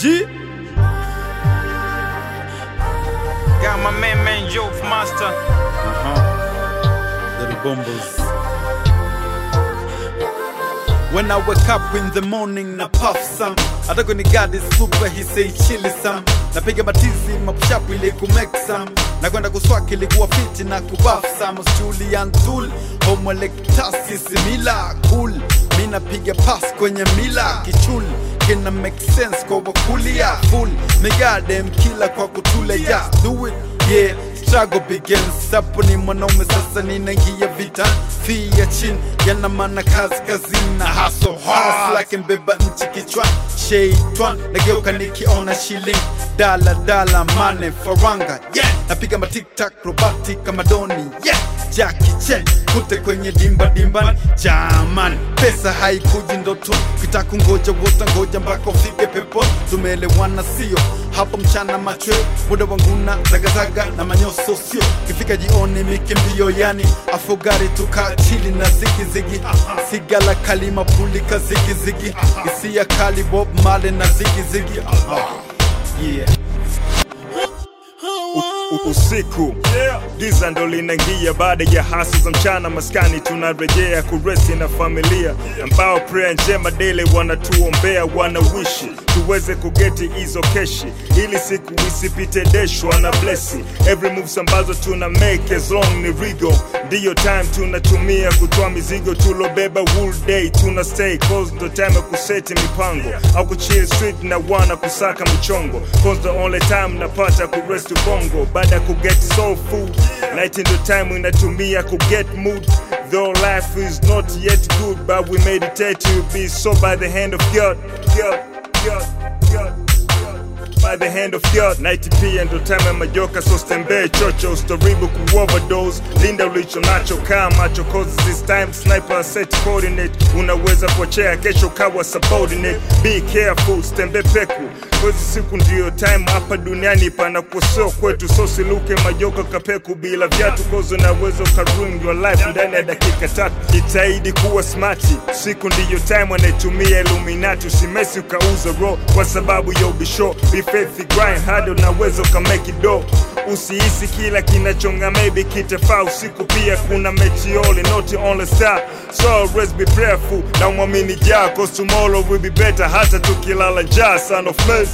G. Got my man, man, Joke Master. Uh huh. Little Bumbles. When I wake up in the morning na puff some hata kwenye gadi he say chili some napiga batizi mapushapu ili kumake some na kwenda kuswaki ilikuwa fiti na kubaf some Julian Zul homelec taski simila cool Mina napiga pass kwenye mila kichuli kina make sense kwa wakulia full migadem kila kwa kutuleja do it yeah struggle begins hapo ni mwanaume sasa ninaingia vita fia chin yana maana kazi kazina haso haslake mbeba nchi kichwa sheitwan nageuka nikiona shilingi dala dala mane faranga yeah napiga matiktak robati kamadoni yeah Jackie Chan kute kwenye dimba dimbani jaman, pesa haikuji ndoto, kita kungoja wota ngoja mbako fike pepo. Tumeelewana sio hapo mchana machwe, muda wangu na zagazaga na manyoso sio, kifika jioni mikimbio, yani afugari tuka chili na zigizigi, sigala kalima pulika zigizigi, hisia kali Bob Marley na zigizigi, ah, yeah usiku Giza ndo linaingia baada ya hasi za mchana, maskani tunarejea kuresi na familia ambao prea njema dele wanatuombea, wanawishi tuweze kugeti hizo keshi ili siku isipite deshwa na blesi. Every moves ambazo tuna make as long ni rigo, ndiyo time tunatumia kutoa mizigo tulobeba whole day, tuna stay cause ndo time ya kuseti mipango au kuchie street na wana kusaka michongo cause the only time napata kuresti bongo baada ya kuget soul food night the time inatumia kuget mood though life is not yet good but we meditate to be so by the hand of god god god god by the hand of God. Night to pee and time my majoka, so stand stembee chocho, story ustoribu overdose. linda your macho macho cause this time sniper set coordinate, Una weza unaweza pochea kesho kawa subordinate, be careful, stand stembe peku Kwezi siku ndiyo time hapa duniani pana kusoa kwetu, so siluke majoka kapeku bila viatu, kozi unaweza ukaruin your life ndani ya dakika tatu. Itaidi kuwa smati, siku ndiyo time wanaitumia Illuminati, usimesi ukauza raw kwa sababu ya ubisho before faith grind hard, unaweza it do. Usihisi kila kinachonga maybe kitafaa usiku, pia kuna mechi all in not only star, so always be prayerful na umwamini ja cause tomorrow will be better, hata tukilala ja son of mess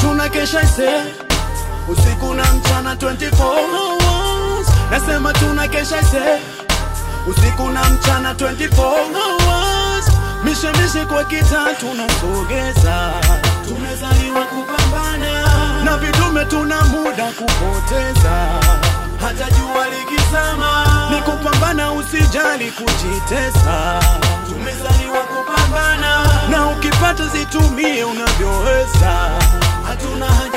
tunakesha ise usiku na 24 Nasema tuna kesha se usiku na mchana 24 hours. Mishemishe kwa kita tunasogeza, tumezaliwa kupambana na vidume, tuna muda kupoteza, hata jua likisama ni kupambana, usijali kujitesa, tumezaliwa kupambana na ukipata zitumie unavyoweza, hatuna